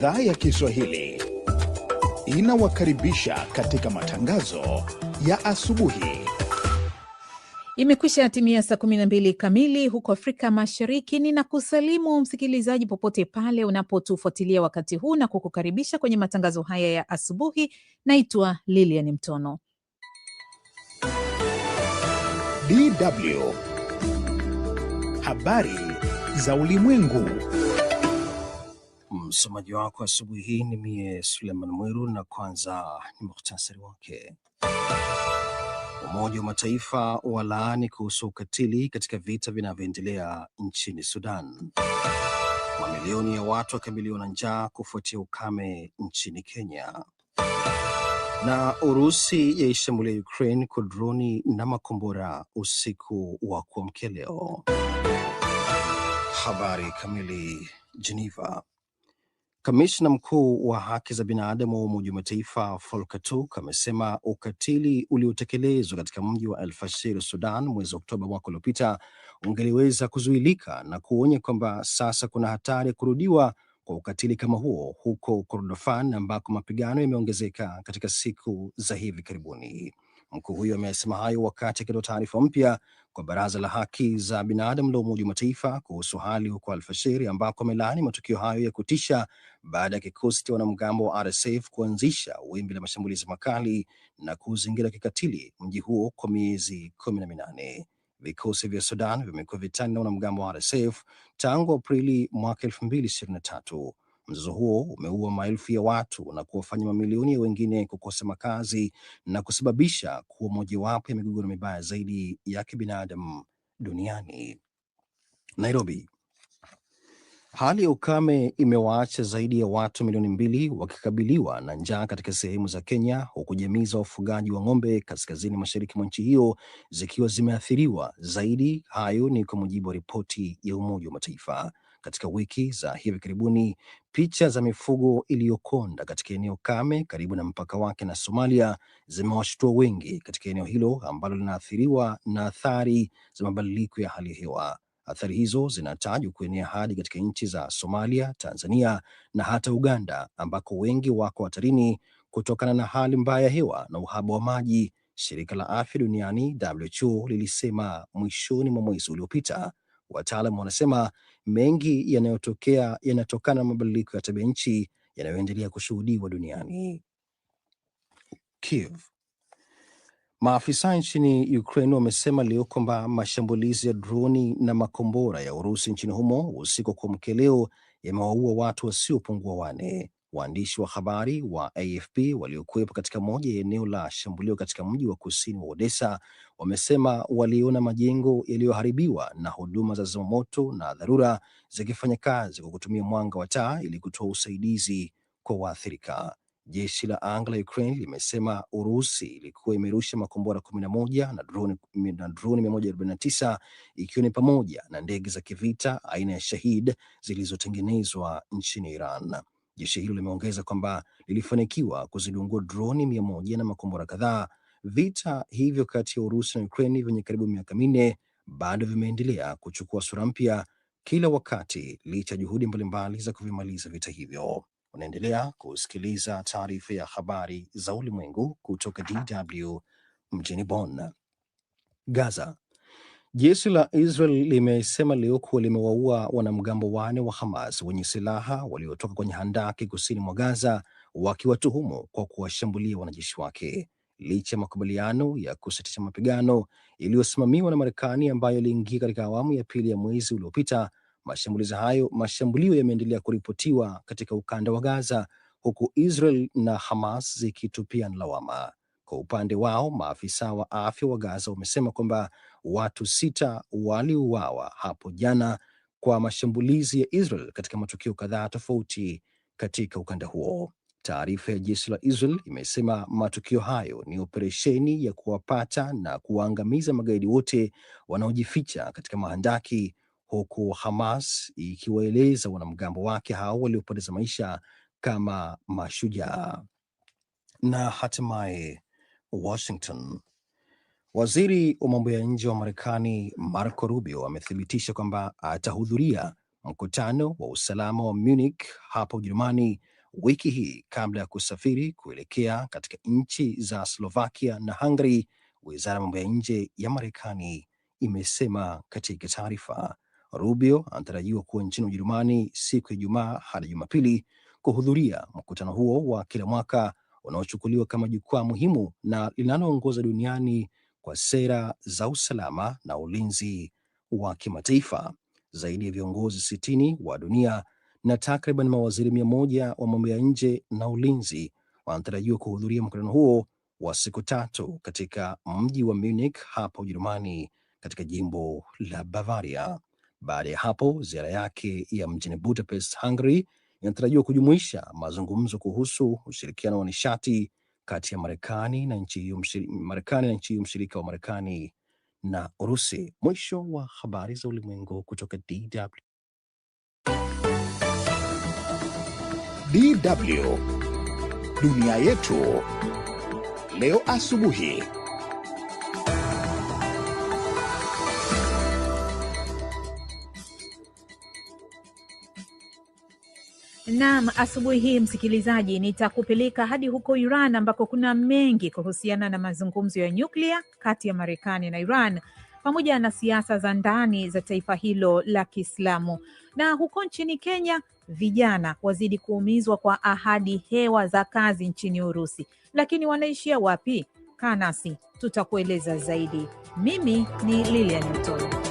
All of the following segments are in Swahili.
Idhaa ya Kiswahili inawakaribisha katika matangazo ya asubuhi. Imekwisha timia saa 12 kamili huko Afrika Mashariki. Ninakusalimu msikilizaji, popote pale unapotufuatilia wakati huu na kukukaribisha kwenye matangazo haya ya asubuhi. Naitwa Lilian Mtono. DW habari za ulimwengu Msomaji wako asubuhi hii ni mie Suleiman Mwiru, na kwanza ni muhtasari wake. Umoja wa Mataifa walaani kuhusu ukatili katika vita vinavyoendelea nchini Sudan. Mamilioni ya watu wakabiliwa na njaa kufuatia ukame nchini Kenya. Na Urusi yaishambulia Ukraine kwa droni na makombora usiku wa kuamkia leo. Habari kamili. Geneva. Kamishna mkuu wa haki za binadamu wa Umoja wa Mataifa Volker Turk amesema ukatili uliotekelezwa katika mji wa El Fasher, Sudan, mwezi Oktoba mwaka uliopita ungeliweza kuzuilika na kuonya kwamba sasa kuna hatari ya kurudiwa kwa ukatili kama huo huko Kordofan ambako mapigano yameongezeka katika siku za hivi karibuni. Mkuu huyo amesema hayo wakati akitoa taarifa mpya kwa Baraza la Haki za Binadamu la Umoja wa Mataifa kuhusu hali huko Alfashiri, ambako amelaani matukio hayo ya kutisha baada ya kikosi cha wanamgambo wa RSF kuanzisha wimbi la mashambulizi makali na kuzingira kikatili mji huo kwa miezi kumi na minane. Vikosi vya Sudan vimekuwa vitani na wanamgambo wa RSF tangu Aprili mwaka elfu mbili ishirini na tatu. Mzozo huo umeua maelfu ya watu na kuwafanya mamilioni wengine kukosa makazi na kusababisha kuwa mojawapo ya migogoro mibaya zaidi ya kibinadamu duniani. Nairobi. Hali ya ukame imewaacha zaidi ya watu milioni mbili wakikabiliwa na njaa katika sehemu za Kenya, huku jamii za wafugaji wa ng'ombe kaskazini mashariki mwa nchi hiyo zikiwa zimeathiriwa zaidi. Hayo ni kwa mujibu wa ripoti ya Umoja wa Mataifa katika wiki za hivi karibuni. Picha za mifugo iliyokonda katika eneo kame karibu na mpaka wake na Somalia zimewashtua wengi katika eneo hilo ambalo linaathiriwa na athari za mabadiliko ya hali ya hewa. Athari hizo zinatajwa kuenea hadi katika nchi za Somalia, Tanzania na hata Uganda ambako wengi wako hatarini kutokana na hali mbaya ya hewa na uhaba wa maji. Shirika la Afya Duniani WHO lilisema mwishoni mwa mwezi uliopita. Wataalamu wanasema mengi yanayotokea yanatokana na mabadiliko ya tabia nchi yanayoendelea kushuhudiwa duniani. Kiev. Maafisa nchini Ukraine wamesema leo kwamba mashambulizi ya droni na makombora ya Urusi nchini humo usiku kwa mkeleo yamewaua watu wasiopungua wane. Waandishi wa habari wa AFP waliokuwepo katika moja ya eneo la shambulio katika mji wa kusini wa Odessa wamesema waliona majengo yaliyoharibiwa na huduma za zimamoto na dharura zikifanya kazi kwa kutumia mwanga wa taa ili kutoa usaidizi kwa waathirika. Jeshi la anga la Ukraine limesema Urusi ilikuwa imerusha makombora kumi na moja na droni mia moja arobaini na tisa ikiwa ni pamoja na ndege za kivita aina ya Shahid zilizotengenezwa nchini Iran. Jeshi hilo limeongeza kwamba lilifanikiwa kuzidungua droni mia moja na makombora kadhaa. Vita hivyo kati ya Urusi na Ukraini vyenye karibu miaka minne bado vimeendelea kuchukua sura mpya kila wakati licha ya juhudi mbalimbali za kuvimaliza vita hivyo. Unaendelea kusikiliza taarifa ya habari za ulimwengu kutoka DW mjini Bonn. Gaza Jeshi la Israel limesema leo kuwa limewaua wanamgambo wane wa Hamas wenye silaha waliotoka kwenye handaki kusini mwa Gaza, wakiwatuhumu kwa kuwashambulia wanajeshi wake licha ya makubaliano ya kusitisha mapigano iliyosimamiwa na Marekani ambayo iliingia katika awamu ya pili ya mwezi uliopita. Mashambulizi hayo mashambulio yameendelea kuripotiwa katika ukanda wa Gaza, huku Israel na Hamas zikitupia lawama. Kwa upande wao, maafisa wa afya wa Gaza wamesema kwamba watu sita waliuawa hapo jana kwa mashambulizi ya Israel katika matukio kadhaa tofauti katika ukanda huo. Taarifa ya jeshi la Israel imesema matukio hayo ni operesheni ya kuwapata na kuwaangamiza magaidi wote wanaojificha katika mahandaki, huku Hamas ikiwaeleza wanamgambo wake hao waliopoteza maisha kama mashujaa. Na hatimaye Washington Waziri wa mambo ya nje wa Marekani Marco Rubio amethibitisha kwamba atahudhuria mkutano wa usalama wa Munich hapo Ujerumani wiki hii kabla ya kusafiri kuelekea katika nchi za Slovakia na Hungary, wizara ya mambo ya nje ya Marekani imesema katika taarifa. Rubio anatarajiwa kuwa nchini Ujerumani siku ya Ijumaa hadi Jumapili kuhudhuria mkutano huo wa kila mwaka unaochukuliwa kama jukwaa muhimu na linaloongoza duniani kwa sera za usalama na ulinzi wa kimataifa. Zaidi ya viongozi sitini wa dunia na takriban mawaziri mia moja wa mambo ya nje na ulinzi wanatarajiwa kuhudhuria mkutano huo wa siku tatu katika mji wa Munich hapa Ujerumani, katika jimbo la Bavaria. Baada ya hapo, ziara yake ya mjini Budapest, Hungary inatarajiwa kujumuisha mazungumzo kuhusu ushirikiano wa nishati kati ya Marekani na nchi hiyo Marekani na nchi hiyo mshirika wa Marekani na Urusi. Mwisho wa habari za ulimwengu kutoka DW. DW dunia yetu leo asubuhi. Naam, asubuhi hii msikilizaji, nitakupeleka hadi huko Iran ambako kuna mengi kuhusiana na mazungumzo ya nyuklia kati ya Marekani na Iran pamoja na siasa za ndani za taifa hilo la Kiislamu. Na huko nchini Kenya, vijana wazidi kuumizwa kwa ahadi hewa za kazi nchini Urusi, lakini wanaishia wapi? Kaa nasi tutakueleza zaidi. Mimi ni Lilian Mtoni.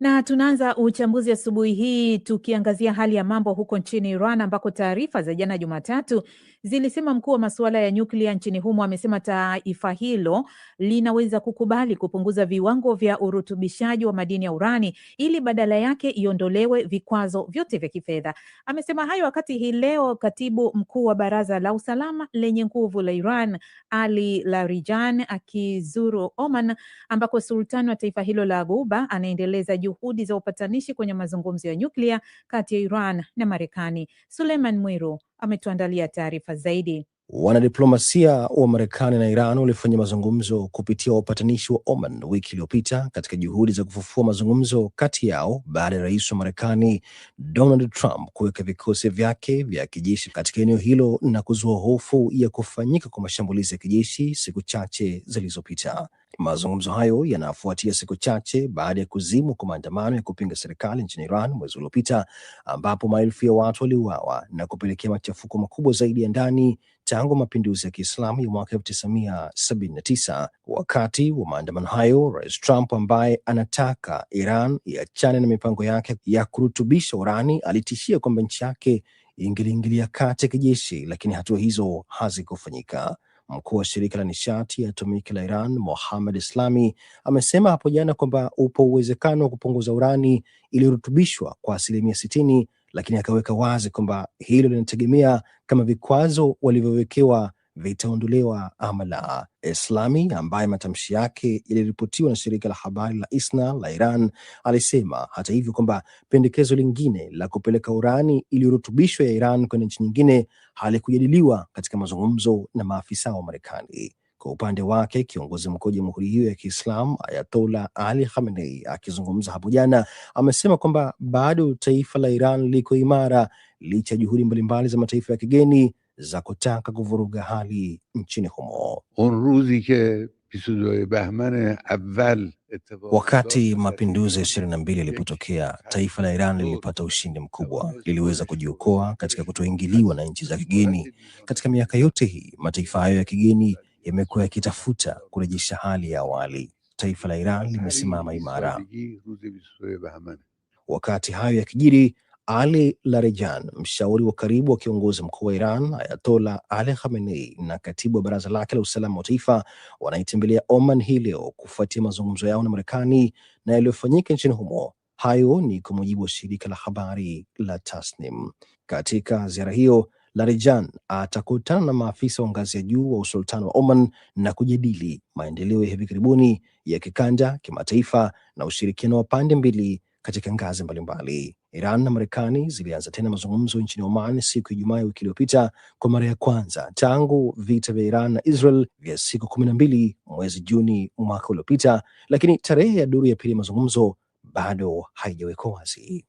Na tunaanza uchambuzi asubuhi hii tukiangazia hali ya mambo huko nchini Iran ambako taarifa za jana Jumatatu zilisema mkuu wa masuala ya nyuklia nchini humo amesema taifa hilo linaweza kukubali kupunguza viwango vya urutubishaji wa madini ya urani ili badala yake iondolewe vikwazo vyote vya kifedha. Amesema hayo wakati hii leo katibu mkuu wa baraza la usalama lenye nguvu la Iran Ali larijan akizuru Oman ambako sultani wa taifa hilo la guba anaendeleza juhudi za upatanishi kwenye mazungumzo ya nyuklia kati ya Iran na Marekani. Suleiman Mwiru ametuandalia taarifa zaidi. Wanadiplomasia wa Marekani na Iran walifanya mazungumzo kupitia wapatanishi wa Oman wiki iliyopita katika juhudi za kufufua mazungumzo kati yao baada ya rais wa Marekani Donald Trump kuweka vikosi vyake vya kijeshi katika eneo hilo na kuzua hofu ya kufanyika kwa mashambulizi ya kijeshi siku chache zilizopita. Mazungumzo hayo yanafuatia siku chache baada ya kuzimwa kwa maandamano ya kupinga serikali nchini Iran mwezi uliopita, ambapo maelfu ya watu waliuawa na kupelekea machafuko makubwa zaidi ya ndani tangu mapinduzi ya Kiislamu ya mwaka 1979. Wakati wa maandamano hayo, Rais Trump ambaye anataka Iran iachane na mipango yake ya kurutubisha urani alitishia kwamba nchi yake ingeliingilia kati ya kijeshi, lakini hatua hizo hazikufanyika. Mkuu wa shirika la nishati ya atomiki la Iran Mohamed Islami amesema hapo jana kwamba upo uwezekano wa kupunguza urani iliyorutubishwa kwa asilimia sitini, lakini akaweka wazi kwamba hilo linategemea kama vikwazo walivyowekewa vitaondolewa ama la. Islami ambaye matamshi yake yaliripotiwa na shirika la habari la ISNA la Iran alisema hata hivyo kwamba pendekezo lingine la kupeleka urani iliyorutubishwa ya Iran kwenye nchi nyingine halikujadiliwa katika mazungumzo na maafisa wa Marekani. Kwa upande wake kiongozi mkuu wa jamhuri hiyo ya Kiislamu Ayatollah Ali Khamenei akizungumza hapo jana amesema kwamba bado taifa la Iran liko imara licha ya juhudi mbalimbali za mataifa ya kigeni za kutaka kuvuruga hali nchini humo. on ke e awal e e Wakati mapinduzi ya ishirini na mbili yalipotokea, taifa la Iran lilipata ushindi mkubwa, liliweza kujiokoa katika kutoingiliwa na nchi za kigeni. Katika miaka yote hii mataifa hayo ya kigeni yamekuwa yakitafuta kurejesha hali ya awali. Taifa la Iran limesimama imara. Wakati hayo yakijiri, Ali Larejan, mshauri wa karibu wa kiongozi mkuu wa Iran Ayatola Ali Khamenei na katibu wa baraza lake la usalama wa taifa wanaitembelea Oman hii leo kufuatia mazungumzo yao na Marekani na yaliyofanyika nchini humo. Hayo ni kwa mujibu wa shirika la habari la Tasnim. Katika ziara hiyo Larijan atakutana na maafisa wa ngazi ya juu wa usultani wa Oman na kujadili maendeleo ya hivi karibuni ya kikanda, kimataifa na ushirikiano wa pande mbili katika ngazi mbalimbali. Iran na Marekani zilianza tena mazungumzo nchini Oman siku ya Ijumaa ya wiki iliyopita kwa mara ya kwanza tangu vita vya Iran na Israel vya siku kumi na mbili mwezi Juni mwaka uliopita, lakini tarehe ya duru ya pili ya mazungumzo bado haijawekwa wazi.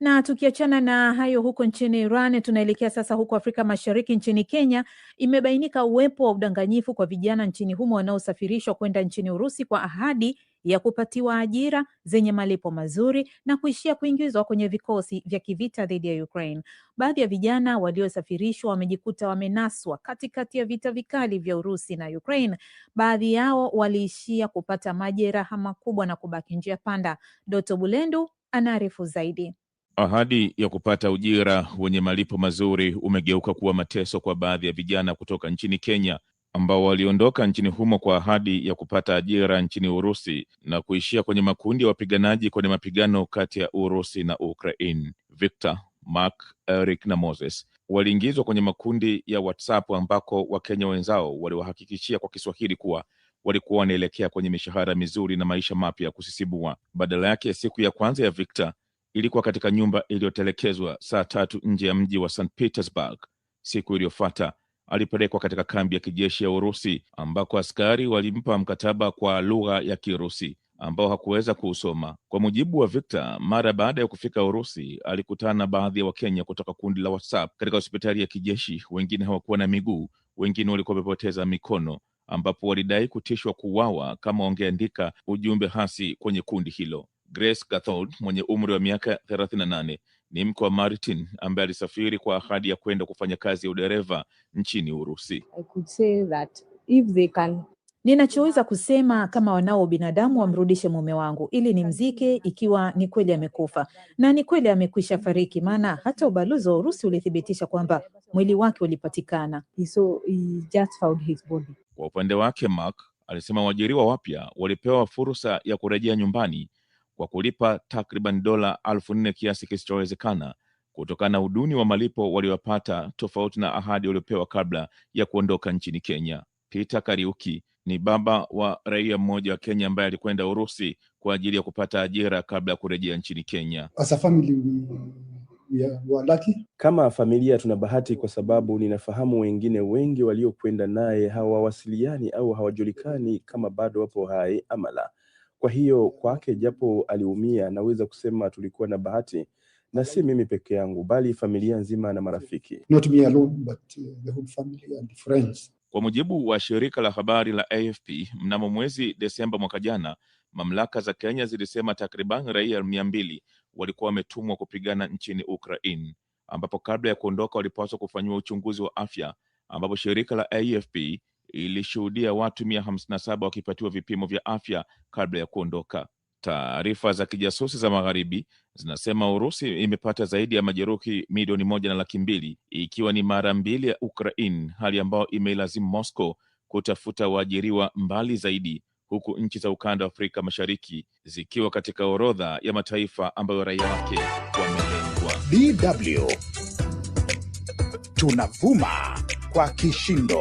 Na tukiachana na hayo huko nchini Iran, tunaelekea sasa huko Afrika Mashariki. Nchini Kenya imebainika uwepo wa udanganyifu kwa vijana nchini humo wanaosafirishwa kwenda nchini Urusi kwa ahadi ya kupatiwa ajira zenye malipo mazuri na kuishia kuingizwa kwenye vikosi vya kivita dhidi ya Ukraine. Baadhi ya vijana waliosafirishwa wamejikuta wamenaswa katikati ya vita vikali vya Urusi na Ukraine. Baadhi yao waliishia kupata majeraha makubwa na kubaki njia panda. Doto Bulendu anaarifu zaidi. Ahadi ya kupata ujira wenye malipo mazuri umegeuka kuwa mateso kwa baadhi ya vijana kutoka nchini Kenya ambao waliondoka nchini humo kwa ahadi ya kupata ajira nchini Urusi na kuishia kwenye makundi ya wapiganaji kwenye mapigano kati ya Urusi na Ukraine. Victor, Mark, Eric na Moses waliingizwa kwenye makundi ya WhatsApp ambako Wakenya wenzao waliwahakikishia kwa Kiswahili kuwa walikuwa wanaelekea kwenye mishahara mizuri na maisha mapya ya kusisibua. Badala yake, siku ya kwanza ya Victor ilikuwa katika nyumba iliyotelekezwa saa tatu nje ya mji wa St Petersburg. Siku iliyofuata alipelekwa katika kambi ya kijeshi ya Urusi ambako askari walimpa mkataba kwa lugha ya Kirusi ambao hakuweza kuusoma. Kwa mujibu wa Victor, mara baada ya kufika Urusi alikutana na baadhi ya Wakenya kutoka kundi la WhatsApp katika hospitali ya kijeshi. Wengine hawakuwa na miguu, wengine walikuwa wamepoteza mikono, ambapo walidai kutishwa kuuawa kama wangeandika ujumbe hasi kwenye kundi hilo. Grace Gathold mwenye umri wa miaka thelathini na nane ni mke wa Martin ambaye alisafiri kwa ahadi ya kwenda kufanya kazi ya udereva nchini Urusi. I could say that if they can Ninachoweza kusema kama wanao binadamu wamrudishe mume wangu ili nimzike, ikiwa ni kweli amekufa na ni kweli amekwisha fariki, maana hata ubalozi wa Urusi ulithibitisha kwamba mwili wake ulipatikana. he just found his body. Kwa upande wake Mark alisema waajiriwa wapya walipewa fursa ya kurejea nyumbani kwa kulipa takriban dola elfu nne kiasi kisichowezekana kutokana na uduni wa malipo waliyopata tofauti na ahadi waliopewa kabla ya kuondoka nchini Kenya. Peter Kariuki ni baba wa raia mmoja wa Kenya ambaye alikwenda Urusi kwa ajili ya kupata ajira kabla ya kurejea nchini Kenya. As a family we, we are lucky. Kama familia tuna bahati kwa sababu ninafahamu wengine wengi waliokwenda naye hawawasiliani au hawajulikani kama bado wapo hai ama la. Kwa hiyo kwake, japo aliumia, naweza kusema tulikuwa na bahati na si mimi peke yangu, bali familia nzima na marafiki. Not me alone, but uh, the whole family and friends. Kwa mujibu wa shirika la habari la AFP, mnamo mwezi Desemba mwaka jana, mamlaka za Kenya zilisema takriban raia mia mbili walikuwa wametumwa kupigana nchini Ukraine, ambapo kabla ya kuondoka walipaswa kufanyiwa uchunguzi wa afya, ambapo shirika la AFP ilishuhudia watu mia hamsini na saba wakipatiwa vipimo vya afya kabla ya kuondoka. Taarifa za kijasusi za magharibi zinasema Urusi imepata zaidi ya majeruhi milioni moja na laki mbili ikiwa ni mara mbili ya Ukraine, hali ambayo imeilazimu Moscow kutafuta waajiriwa mbali zaidi, huku nchi za ukanda wa Afrika Mashariki zikiwa katika orodha ya mataifa ambayo raia wake wamelengwa. DW tunavuma kwa kishindo.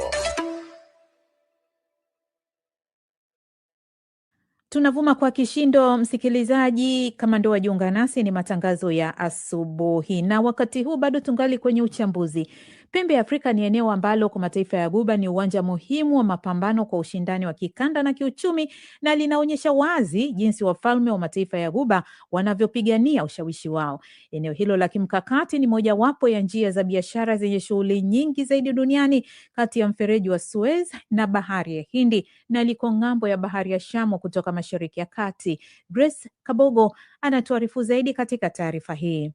Tunavuma kwa kishindo, msikilizaji. Kama ndo wajiunga nasi, ni matangazo ya asubuhi, na wakati huu bado tungali kwenye uchambuzi Pembe ya Afrika ni eneo ambalo kwa mataifa ya guba ni uwanja muhimu wa mapambano kwa ushindani wa kikanda na kiuchumi, na linaonyesha wazi jinsi wafalme wa mataifa ya guba wanavyopigania ushawishi wao. Eneo hilo la kimkakati ni mojawapo ya njia za biashara zenye shughuli nyingi zaidi duniani kati ya mfereji wa Suez na bahari ya Hindi na liko ng'ambo ya bahari ya Shamu kutoka Mashariki ya Kati. Grace Kabogo anatuarifu zaidi katika taarifa hii.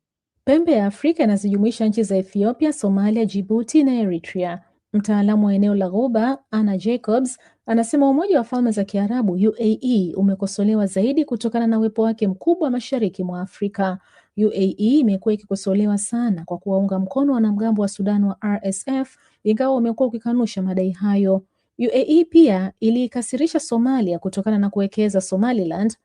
Pembe ya Afrika inazijumuisha nchi za Ethiopia, Somalia, Djibouti na Eritrea. Mtaalamu wa eneo la Ghuba, Anna Jacobs, anasema Umoja wa Falme za Kiarabu UAE umekosolewa zaidi kutokana na uwepo wake mkubwa mashariki mwa Afrika. UAE imekuwa ikikosolewa sana kwa kuwaunga mkono wanamgambo wa Sudan wa RSF, ingawa umekuwa ukikanusha madai hayo. UAE pia iliikasirisha Somalia kutokana na kuwekeza Somaliland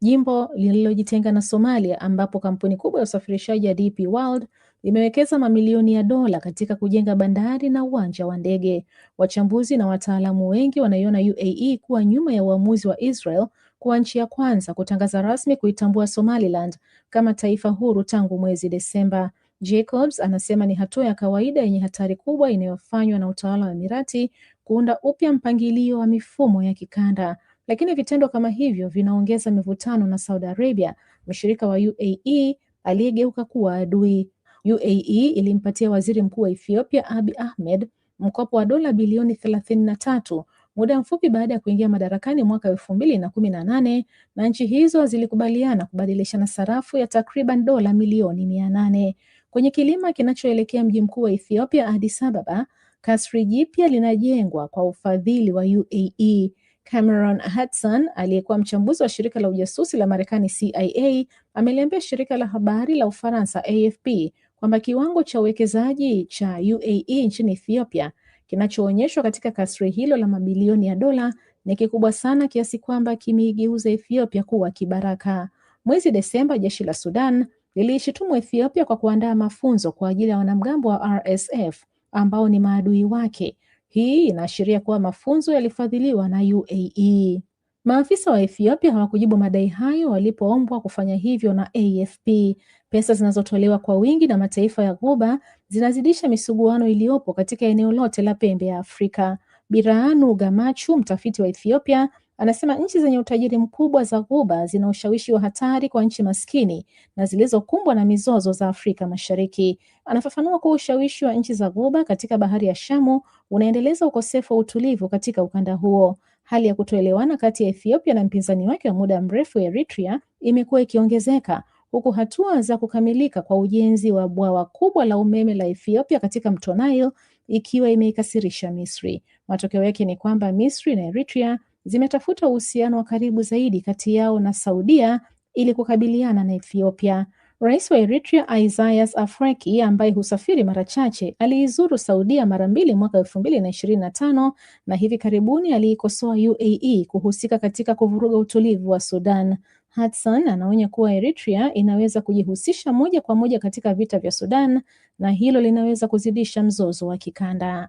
jimbo lililojitenga na Somalia ambapo kampuni kubwa ya usafirishaji ya DP World imewekeza mamilioni ya dola katika kujenga bandari na uwanja wa ndege. Wachambuzi na wataalamu wengi wanaiona UAE kuwa nyuma ya uamuzi wa Israel kuwa nchi ya kwanza kutangaza rasmi kuitambua Somaliland kama taifa huru tangu mwezi Desemba. Jacobs anasema ni hatua ya kawaida yenye hatari kubwa inayofanywa na utawala wa Emirati kuunda upya mpangilio wa mifumo ya kikanda lakini vitendo kama hivyo vinaongeza mivutano na Saudi Arabia, mshirika wa UAE aliyegeuka kuwa adui. UAE ilimpatia waziri mkuu wa Ethiopia Abiy Ahmed mkopo wa dola bilioni thelathini na tatu muda mfupi baada ya kuingia madarakani mwaka elfu mbili na kumi na nane na nchi hizo zilikubaliana kubadilishana sarafu ya takriban dola milioni mia nane kwenye kilima kinachoelekea mji mkuu wa Ethiopia Addis Ababa. Kasri jipya linajengwa kwa ufadhili wa UAE. Cameron Hudson aliyekuwa mchambuzi wa shirika la ujasusi la Marekani CIA ameliambia shirika la habari la Ufaransa AFP kwamba kiwango cha uwekezaji cha UAE nchini Ethiopia kinachoonyeshwa katika kasri hilo la mabilioni ya dola ni kikubwa sana kiasi kwamba kimeigeuza Ethiopia kuwa kibaraka. Mwezi Desemba, jeshi la Sudan liliishitumu Ethiopia kwa kuandaa mafunzo kwa ajili ya wanamgambo wa RSF ambao ni maadui wake hii inaashiria kuwa mafunzo yalifadhiliwa na UAE. Maafisa wa Ethiopia hawakujibu madai hayo walipoombwa kufanya hivyo na AFP. Pesa zinazotolewa kwa wingi na mataifa ya Ghuba zinazidisha misuguano iliyopo katika eneo lote la pembe ya Afrika. Birhanu Gamachu, mtafiti wa Ethiopia, Anasema nchi zenye utajiri mkubwa za Ghuba zina ushawishi wa hatari kwa nchi maskini na zilizokumbwa na mizozo za Afrika Mashariki. Anafafanua kuwa ushawishi wa nchi za Ghuba katika bahari ya Shamu unaendeleza ukosefu wa utulivu katika ukanda huo. Hali ya kutoelewana kati ya Ethiopia na mpinzani wake wa muda mrefu Eritrea imekuwa ikiongezeka huku hatua za kukamilika kwa ujenzi wa bwawa kubwa la umeme la Ethiopia katika mto Nile ikiwa imeikasirisha Misri. Matokeo yake ni kwamba Misri na Eritrea zimetafuta uhusiano wa karibu zaidi kati yao na Saudia ili kukabiliana na Ethiopia. Rais wa Eritrea Isaias Afwerki ambaye husafiri mara chache aliizuru Saudia mara mbili mwaka elfu mbili na ishirini na tano na hivi karibuni aliikosoa UAE kuhusika katika kuvuruga utulivu wa Sudan. Hudson anaonya kuwa Eritrea inaweza kujihusisha moja kwa moja katika vita vya Sudan na hilo linaweza kuzidisha mzozo wa kikanda.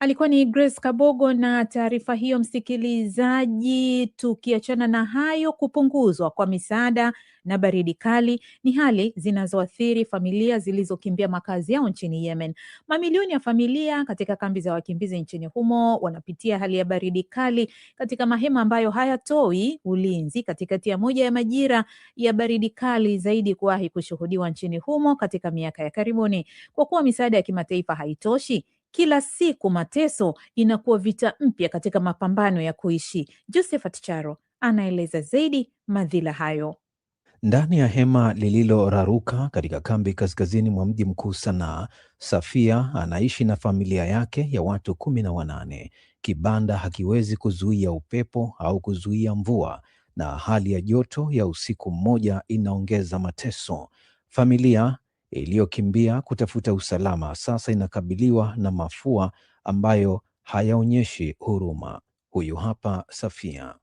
Alikuwa ni Grace Kabogo na taarifa hiyo, msikilizaji. Tukiachana na hayo, kupunguzwa kwa misaada na baridi kali ni hali zinazoathiri familia zilizokimbia makazi yao nchini Yemen. Mamilioni ya familia katika kambi za wakimbizi nchini humo wanapitia hali ya baridi kali katika mahema ambayo hayatoi ulinzi katikati ya moja ya majira ya baridi kali zaidi kuwahi kushuhudiwa nchini humo katika miaka ya karibuni. Kwa kuwa misaada ya kimataifa haitoshi kila siku mateso inakuwa vita mpya katika mapambano ya kuishi. Josephat Charo anaeleza zaidi madhila hayo. Ndani ya hema lililoraruka katika kambi kaskazini mwa mji mkuu Sanaa, Safia anaishi na familia yake ya watu kumi na wanane. Kibanda hakiwezi kuzuia upepo au kuzuia mvua, na hali ya joto ya usiku mmoja inaongeza mateso. Familia iliyokimbia kutafuta usalama sasa inakabiliwa na mafua ambayo hayaonyeshi huruma. Huyu hapa Safia.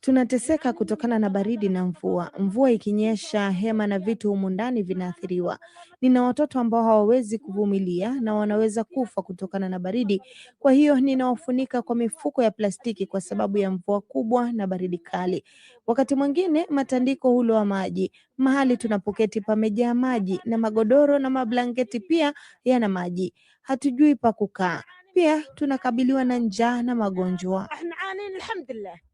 Tunateseka kutokana na baridi na mvua. Mvua ikinyesha, hema na vitu humu ndani vinaathiriwa. Nina watoto ambao hawawezi kuvumilia na wanaweza kufa kutokana na baridi, kwa hiyo ninawafunika kwa mifuko ya plastiki kwa sababu ya mvua kubwa na baridi kali. Wakati mwingine matandiko wa maji. Mahali tunapoketi pamejaa maji na magodoro na mablanketi pia yana maji. Hatujui pa kukaa pia tunakabiliwa na njaa na magonjwa.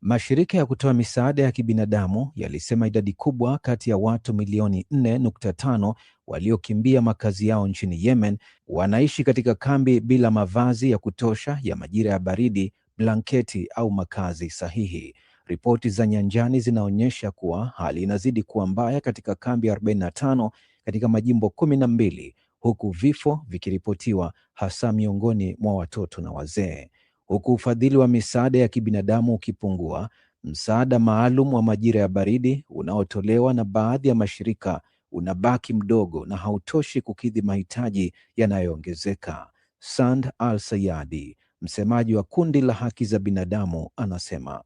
Mashirika ya kutoa misaada ya kibinadamu yalisema idadi kubwa kati ya watu milioni 4.5 waliokimbia makazi yao nchini Yemen wanaishi katika kambi bila mavazi ya kutosha ya majira ya baridi, blanketi au makazi sahihi. Ripoti za nyanjani zinaonyesha kuwa hali inazidi kuwa mbaya katika kambi 45 katika majimbo kumi na mbili huku vifo vikiripotiwa hasa miongoni mwa watoto na wazee. Huku ufadhili wa misaada ya kibinadamu ukipungua, msaada maalum wa majira ya baridi unaotolewa na baadhi ya mashirika unabaki mdogo na hautoshi kukidhi mahitaji yanayoongezeka. Sand Al Sayadi, msemaji wa kundi la haki za binadamu, anasema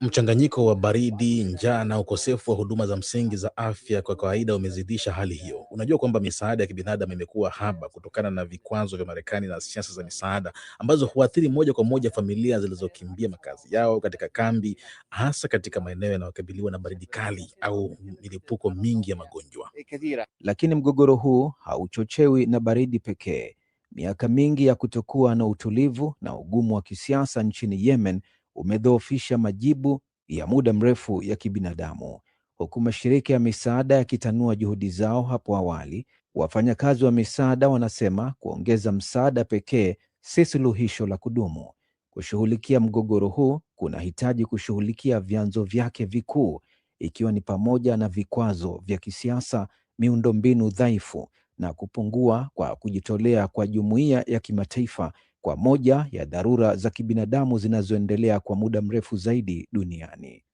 Mchanganyiko wa baridi, njaa na ukosefu wa huduma za msingi za afya kwa kawaida umezidisha hali hiyo. Unajua kwamba misaada ya kibinadamu imekuwa haba kutokana na vikwazo vya Marekani na siasa za misaada ambazo huathiri moja kwa moja familia zilizokimbia makazi yao katika kambi, hasa katika maeneo yanayokabiliwa na baridi kali au milipuko mingi ya magonjwa. Eh, Lakini mgogoro huu hauchochewi na baridi pekee. Miaka mingi ya kutokuwa na utulivu na ugumu wa kisiasa nchini Yemen umedhoofisha majibu ya muda mrefu ya kibinadamu, huku mashirika ya misaada yakitanua juhudi zao hapo awali. Wafanyakazi wa misaada wanasema kuongeza msaada pekee si suluhisho la kudumu. Kushughulikia mgogoro huu kunahitaji kushughulikia vyanzo vyake vikuu, ikiwa ni pamoja na vikwazo vya kisiasa, miundombinu dhaifu na kupungua kwa kujitolea kwa jumuiya ya kimataifa kwa moja ya dharura za kibinadamu zinazoendelea kwa muda mrefu zaidi duniani.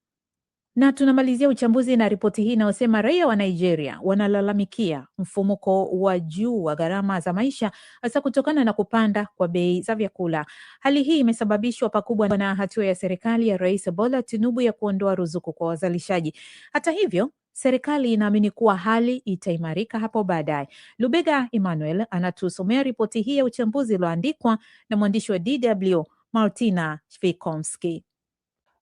Na tunamalizia uchambuzi na ripoti hii inayosema raia wa Nigeria wanalalamikia mfumuko wa juu wa gharama za maisha hasa kutokana na kupanda kwa bei za vyakula. Hali hii imesababishwa pakubwa na hatua ya serikali ya Rais Bola Tinubu ya kuondoa ruzuku kwa wazalishaji. Hata hivyo, serikali inaamini kuwa hali itaimarika hapo baadaye. Lubega Emmanuel anatusomea ripoti hii ya uchambuzi ulioandikwa na mwandishi wa DW Martina Fikomski.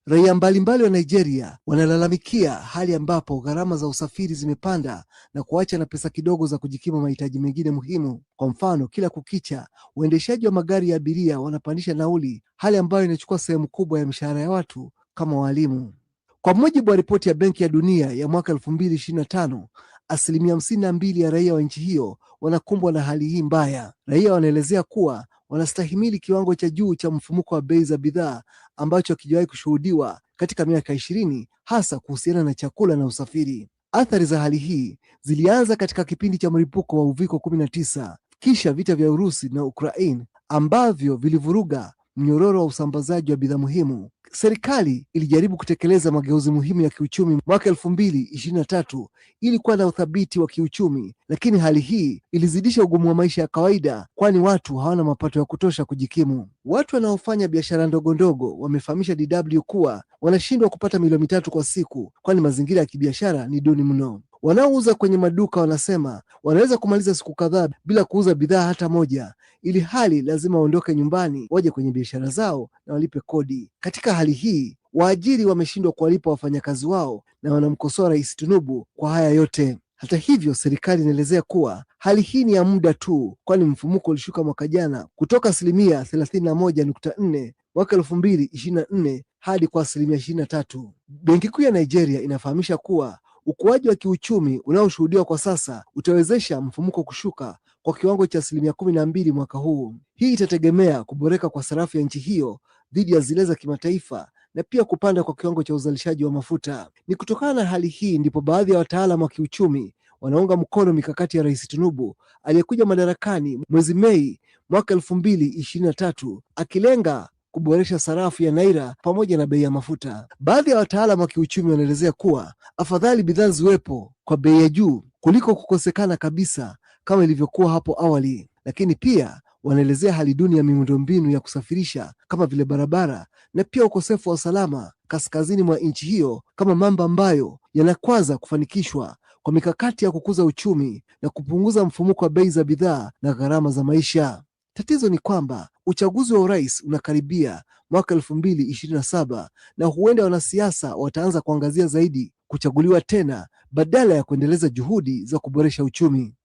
Raia mbalimbali wa Nigeria wanalalamikia hali ambapo gharama za usafiri zimepanda na kuacha na pesa kidogo za kujikimu mahitaji mengine muhimu. Kwa mfano, kila kukicha waendeshaji wa magari ya abiria wanapandisha nauli, hali ambayo inachukua sehemu kubwa ya mishahara ya watu kama waalimu. Kwa mujibu wa ripoti ya Benki ya Dunia ya mwaka elfu mbili ishiri na tano, asilimia hamsini na mbili ya raia wa nchi hiyo wanakumbwa na hali hii mbaya. Raia wanaelezea kuwa wanastahimili kiwango cha juu cha mfumuko wa bei za bidhaa ambacho hakijawahi kushuhudiwa katika miaka ishirini, hasa kuhusiana na chakula na usafiri. Athari za hali hii zilianza katika kipindi cha mlipuko wa uviko kumi na tisa, kisha vita vya Urusi na Ukraine ambavyo vilivuruga mnyororo wa usambazaji wa bidhaa muhimu. Serikali ilijaribu kutekeleza mageuzi muhimu ya kiuchumi mwaka elfu mbili ishirini na tatu ili kuwa na uthabiti wa kiuchumi, lakini hali hii ilizidisha ugumu wa maisha ya kawaida, kwani watu hawana mapato ya kutosha kujikimu. Watu wanaofanya biashara ndogo wamefahamisha DW kuwa wanashindwa kupata milioni mitatu kwa siku, kwani mazingira ya kibiashara ni duni mno. Wanaouza kwenye maduka wanasema wanaweza kumaliza siku kadhaa bila kuuza bidhaa hata moja, ili hali lazima waondoke nyumbani waje kwenye biashara zao na walipe kodi. Katika hali hii, waajiri wameshindwa kuwalipa wafanyakazi wao na wanamkosoa Rais Tinubu kwa haya yote. Hata hivyo, serikali inaelezea kuwa hali hii ni ya muda tu, kwani mfumuko ulishuka mwaka jana kutoka asilimia thelathini na moja nukta nne mwaka elfu mbili na nne hadi kwa asilimia ishirini na tatu. Benki Kuu ya Nigeria inafahamisha kuwa Ukuaji wa kiuchumi unaoshuhudiwa kwa sasa utawezesha mfumuko kushuka kwa kiwango cha asilimia kumi na mbili mwaka huu. Hii itategemea kuboreka kwa sarafu ya nchi hiyo dhidi ya zile za kimataifa na pia kupanda kwa kiwango cha uzalishaji wa mafuta. Ni kutokana na hali hii ndipo baadhi ya wataalam wa kiuchumi wanaunga mkono mikakati ya Rais Tinubu aliyekuja madarakani mwezi Mei mwaka elfu mbili ishirini na tatu akilenga kuboresha sarafu ya naira pamoja na bei ya mafuta. Baadhi ya wataalamu wa kiuchumi wanaelezea kuwa afadhali bidhaa ziwepo kwa bei ya juu kuliko kukosekana kabisa kama ilivyokuwa hapo awali, lakini pia wanaelezea hali duni ya miundombinu ya kusafirisha kama vile barabara na pia ukosefu wa usalama kaskazini mwa nchi hiyo kama mambo ambayo yanakwaza kufanikishwa kwa mikakati ya kukuza uchumi na kupunguza mfumuko wa bei za bidhaa na gharama za maisha. Tatizo ni kwamba uchaguzi wa urais unakaribia mwaka elfu mbili ishirini na saba na huenda wanasiasa wataanza kuangazia zaidi kuchaguliwa tena badala ya kuendeleza juhudi za kuboresha uchumi.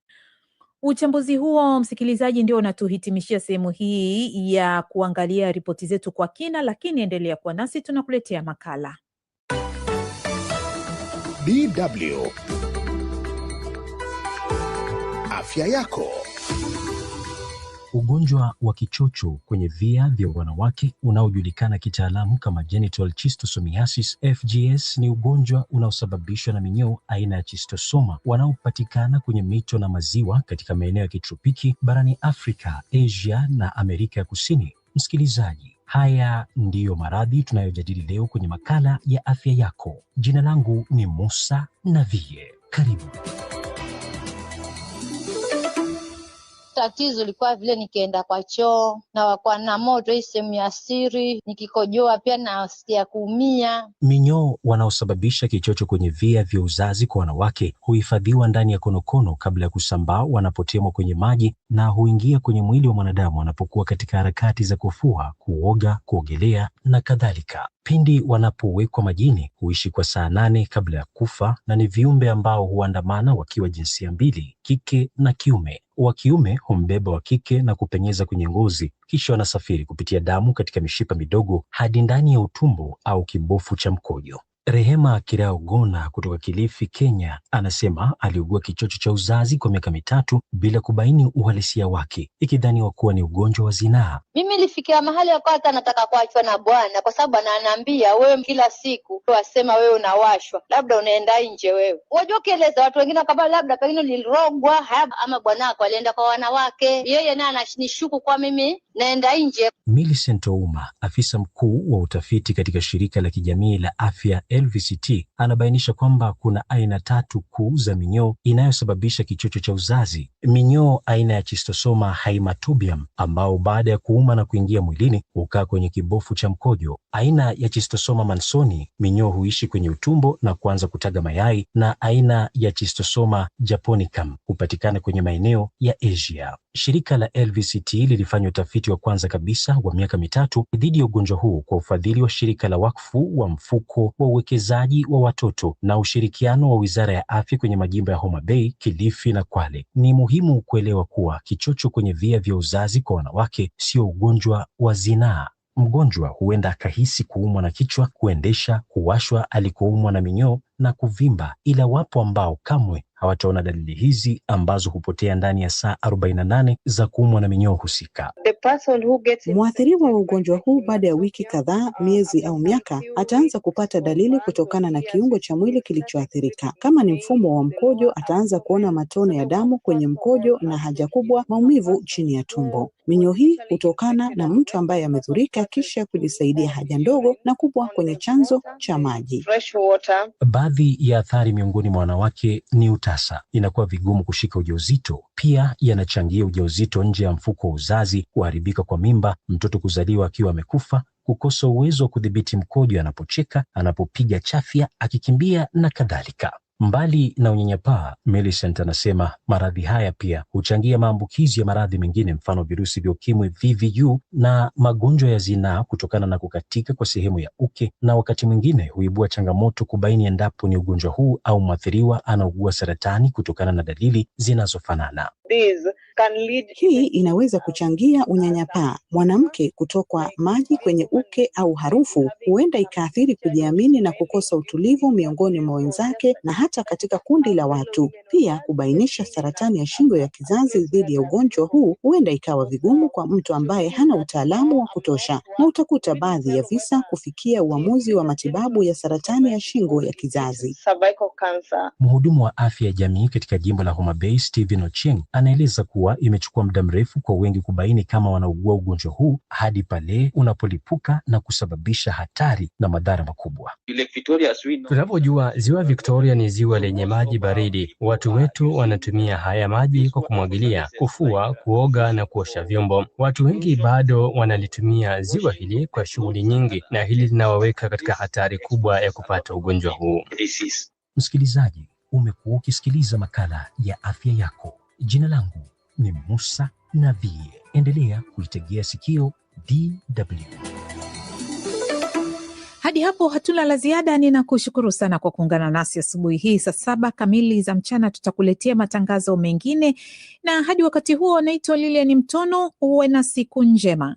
Uchambuzi huo, msikilizaji, ndio unatuhitimishia sehemu hii ya kuangalia ripoti zetu kwa kina, lakini endelea kuwa nasi, tunakuletea makala DW Afya Yako. Ugonjwa wa kichocho kwenye via vya wanawake unaojulikana kitaalamu kama genital Schistosomiasis FGS ni ugonjwa unaosababishwa na minyoo aina ya chistosoma wanaopatikana kwenye mito na maziwa katika maeneo ya kitropiki barani Afrika, Asia na Amerika ya Kusini. Msikilizaji, haya ndiyo maradhi tunayojadili leo kwenye makala ya afya yako. Jina langu ni Musa Navie, karibu. Tatizo ilikuwa vile nikienda kwa choo na kwa na moto hii sehemu ya siri, nikikojoa pia nasikia kuumia. Minyoo wanaosababisha kichocho kwenye via vya uzazi kwa wanawake huhifadhiwa ndani ya konokono kabla ya kusambaa wanapotemwa kwenye maji na huingia kwenye mwili wa mwanadamu wanapokuwa katika harakati za kufua, kuoga, kuogelea na kadhalika. Pindi wanapowekwa majini huishi kwa saa nane kabla ya kufa na ni viumbe ambao huandamana wakiwa jinsia mbili, kike na kiume wa kiume humbeba wa kike na kupenyeza kwenye ngozi, kisha wanasafiri kupitia damu katika mishipa midogo hadi ndani ya utumbo au kibofu cha mkojo. Rehema Kiraogona kutoka Kilifi, Kenya, anasema aliugua kichocho cha uzazi kwa miaka mitatu bila kubaini uhalisia wake, ikidhaniwa kuwa ni ugonjwa wa zinaa. Mimi nilifikia mahali ya kwata nataka kuachwa na bwana, kwa sababu ananiambia wewe, kila siku wasema wewe unawashwa, labda unaenda nje wewe. Wajua ukieleza watu wengine wakaba, labda pengine ulirogwa, ama bwanako alienda kwa wanawake, yeye naye ananishuku kwa mimi naenda nje. Millicent Ouma, afisa mkuu wa utafiti katika shirika la kijamii la afya LVCT, anabainisha kwamba kuna aina tatu kuu za minyoo inayosababisha kichocho cha uzazi. Minyoo aina ya chistosoma haematobium, ambao baada ya kuuma na kuingia mwilini hukaa kwenye kibofu cha mkojo. Aina ya chistosoma mansoni, minyoo huishi kwenye utumbo na kuanza kutaga mayai, na aina ya chistosoma japonicum hupatikana kwenye maeneo ya Asia. Shirika la LVCT lilifanya utafiti utafiti wa kwanza kabisa wa miaka mitatu dhidi ya ugonjwa huu kwa ufadhili wa shirika la wakfu wa mfuko wa uwekezaji wa watoto na ushirikiano wa Wizara ya Afya kwenye majimbo ya Homa Bay, Kilifi na Kwale. Ni muhimu kuelewa kuwa kichocho kwenye via vya uzazi kwa wanawake sio ugonjwa wa zinaa. Mgonjwa huenda akahisi kuumwa na kichwa, kuendesha, kuwashwa alikoumwa na minyoo na kuvimba, ila wapo ambao kamwe hawataona dalili hizi ambazo hupotea ndani ya saa 48 za kuumwa na minyoo husika. Mwathiriwa wa ugonjwa huu baada ya wiki kadhaa, miezi au miaka, ataanza kupata dalili kutokana na kiungo cha mwili kilichoathirika. Kama ni mfumo wa mkojo, ataanza kuona matone ya damu kwenye mkojo na haja kubwa, maumivu chini ya tumbo. Minyoo hii hutokana na mtu ambaye amedhurika kisha kujisaidia haja ndogo na kubwa kwenye chanzo cha maji. Baadhi ya athari miongoni mwa wanawake ni tasa, inakuwa vigumu kushika ujauzito. Pia yanachangia ujauzito nje ya mfuko wa uzazi, kuharibika kwa mimba, mtoto kuzaliwa akiwa amekufa, kukosa uwezo wa kudhibiti mkojo anapocheka, anapopiga chafya, akikimbia na kadhalika. Mbali na unyanyapaa, Millicent anasema maradhi haya pia huchangia maambukizi ya maradhi mengine, mfano virusi vya ukimwi VVU na magonjwa ya zinaa kutokana na kukatika kwa sehemu ya uke, na wakati mwingine huibua changamoto kubaini endapo ni ugonjwa huu au mwathiriwa anaugua saratani kutokana na dalili zinazofanana. Hii inaweza kuchangia unyanyapaa. Mwanamke kutokwa maji kwenye uke au harufu huenda ikaathiri kujiamini na kukosa utulivu miongoni mwa wenzake na hata katika kundi la watu. Pia kubainisha saratani ya shingo ya kizazi dhidi ya ugonjwa huu huenda ikawa vigumu kwa mtu ambaye hana utaalamu wa kutosha, na utakuta baadhi ya visa kufikia uamuzi wa matibabu ya saratani ya shingo ya kizazi. Mhudumu wa afya ya jamii katika jimbo la Homa Bay, Stephen anaeleza kuwa imechukua muda mrefu kwa wengi kubaini kama wanaugua ugonjwa huu hadi pale unapolipuka na kusababisha hatari na madhara makubwa. Tunavyojua, ziwa Victoria ni ziwa lenye maji baridi. Watu wetu wanatumia haya maji kwa kumwagilia, kufua, kuoga na kuosha vyombo. Watu wengi bado wanalitumia ziwa hili kwa shughuli nyingi, na hili linawaweka katika hatari kubwa ya kupata ugonjwa huu. Msikilizaji, umekuwa ukisikiliza makala ya afya yako Jina langu ni Musa Nabii. Endelea kuitegea sikio DW. Hadi hapo hatuna la ziada. Ninakushukuru sana kwa kuungana nasi asubuhi hii. Saa saba kamili za mchana tutakuletea matangazo mengine, na hadi wakati huo, naitwa Lilian Mtono. Uwe na siku njema.